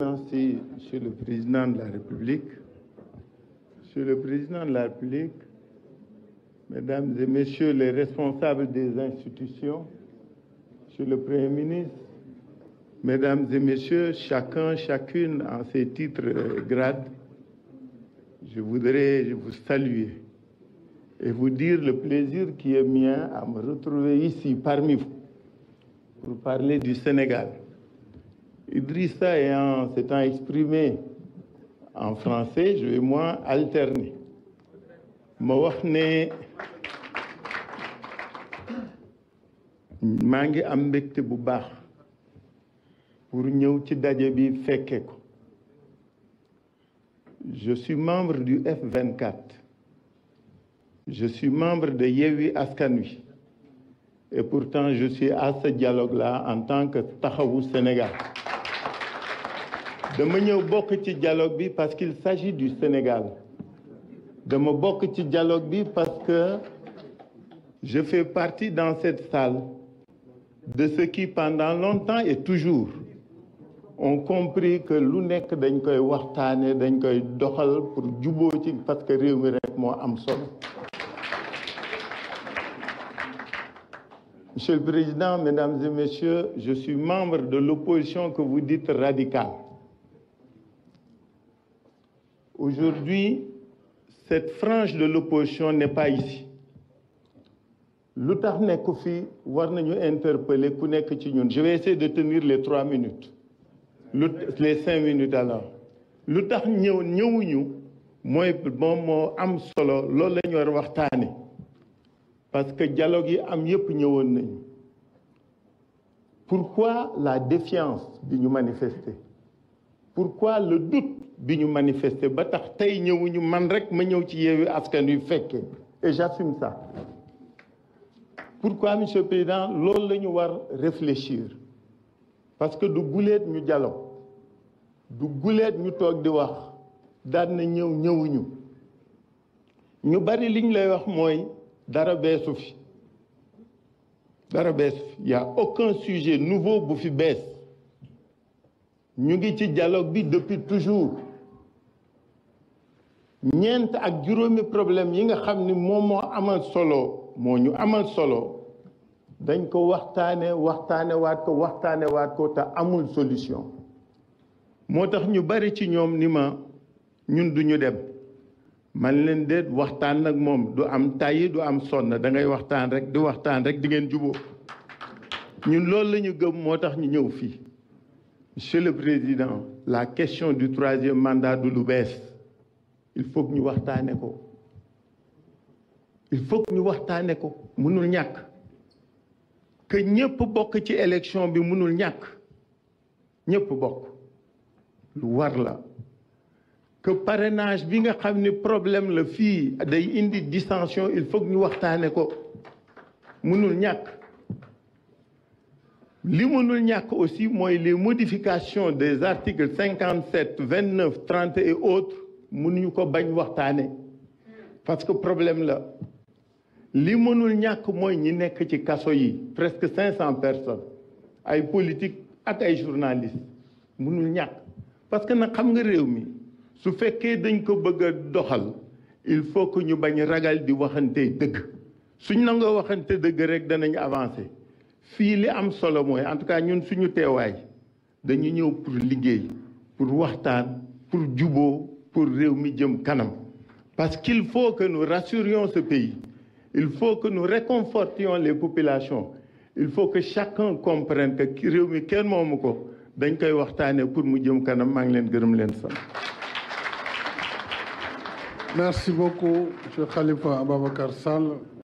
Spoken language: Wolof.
Merci, Monsieur le Président de la République. Monsieur le Président de la République, Mesdames et Messieurs les responsables des institutions, Monsieur le Premier ministre, Mesdames et Messieurs, chacun, chacune en ses titres et euh, grades, je voudrais vous saluer et vous dire le plaisir qui est mien à me retrouver ici parmi vous pour parler du Sénégal Idrissa ayant s'étant exprimé en français je vais moi alterner ma wax ne maa ngi am mbégte bu baax pour ñëw ci daje bi fekke ko je suis membre du F24 je suis membre de Yewwi Askan Wi et pourtant je suis à ce dialogue-là en tant que Taxawu Sénégal dama ñëw bokk ci dialogue bi parce qu'il s'agit du Sénégal dama bokk ci dialogue bi parce que je fais partie dans cette salle de ceux qui pendant longtemps et toujours ont compris que lu nekk dañ koy waxtaane dañ koy doxal pour juboo ci parce que réew mi rek moo am sol Monsieur le Président, Mesdames et Messieurs, je suis membre de l'opposition que vous dites radicale. Aujourd'hui, cette frange de l'opposition n'est pas ici. lu tax nekku fi war nañu interpeller ku nekk ci ñun je vais essayer de tenir les trois minutes lu les cinq minutes alors lu tax ñëw ñëwuñu mooy moom moo am solo loolu la ñu war waxtaane parce que dialogue gi am yépp ñëwoon nañu pourquoi la défiance bi ñu manifester pourquoi le doute bi ñu manifester ba tax tey ñëwuñu man rek ma ñëw ci yeewi askan wi fekkee et j'assume ça pourquoi monsieur le président loolu lañu war réfléchir parce que du guleet ñu dialogue du guleet ñu toog di wax daan na ñëw ñëwuñu ñu bari liñ lay wax mooy dara beesu fi dara beesu fi y aucun sujet nouveau bu fi bees ñu ngi ci dialogue bi depuis toujours ñeent ak juróomi problème yi nga xam ni moom moo amal solo moo ñu amal solo dañ ko waxtaane waxtaane waat ko waxtaane waat ko te amul solution moo tax ñu bari ci ñoom ni ma ñun duñu dem man leen déet waxtaan nag moom du am tàyyi du am sonn da ngay waxtaan rek di waxtaan rek di ngeen juboo ñun loolu lañu gëm moo tax ñu ñëw fii monsieur le président la question du troisième mandat du lu bees il faut ñu waxtaane ko il faut ñu waxtaane ko mënul ñàkk que ñëpp bokk ci élection bi mënul ñàkk ñëpp bokk lu war la que parrainage bi nga xam ni problème la fii day indi dissension il faut ñu waxtaane ko mënul ñàkk li mënul ñàkk aussi mooy les modification des articles cinquante sept vingt neuf trente et autres mënuñu ko bañ waxtaane parce que problème la li mënul ñàkk mooy ñi nekk ci kaso yi presque cinq cent personnes ay politique ak ay journalistes mënul ñàkk parce que nag xam nga réew mi su fekkee dañ ko bëgg a doxal il faut que ñu bañ ragal di waxante dëgg suñ nangoo waxante dëgg rek danañu avancer fii li am solo mooy en tout cas ñun suñu teewaay dañu ñëw pour liggéey pour waxtaan pour juboo pour réew mi jëm kanam parce qu'il faut que nous rassurions ce pays il faut que nous réconfortions les populations il faut que chacun comprenne que réew mi kenn moomu ko dañ koy waxtaanee pour mu jëm kanam maa ngi leen gërëm leen sax. merci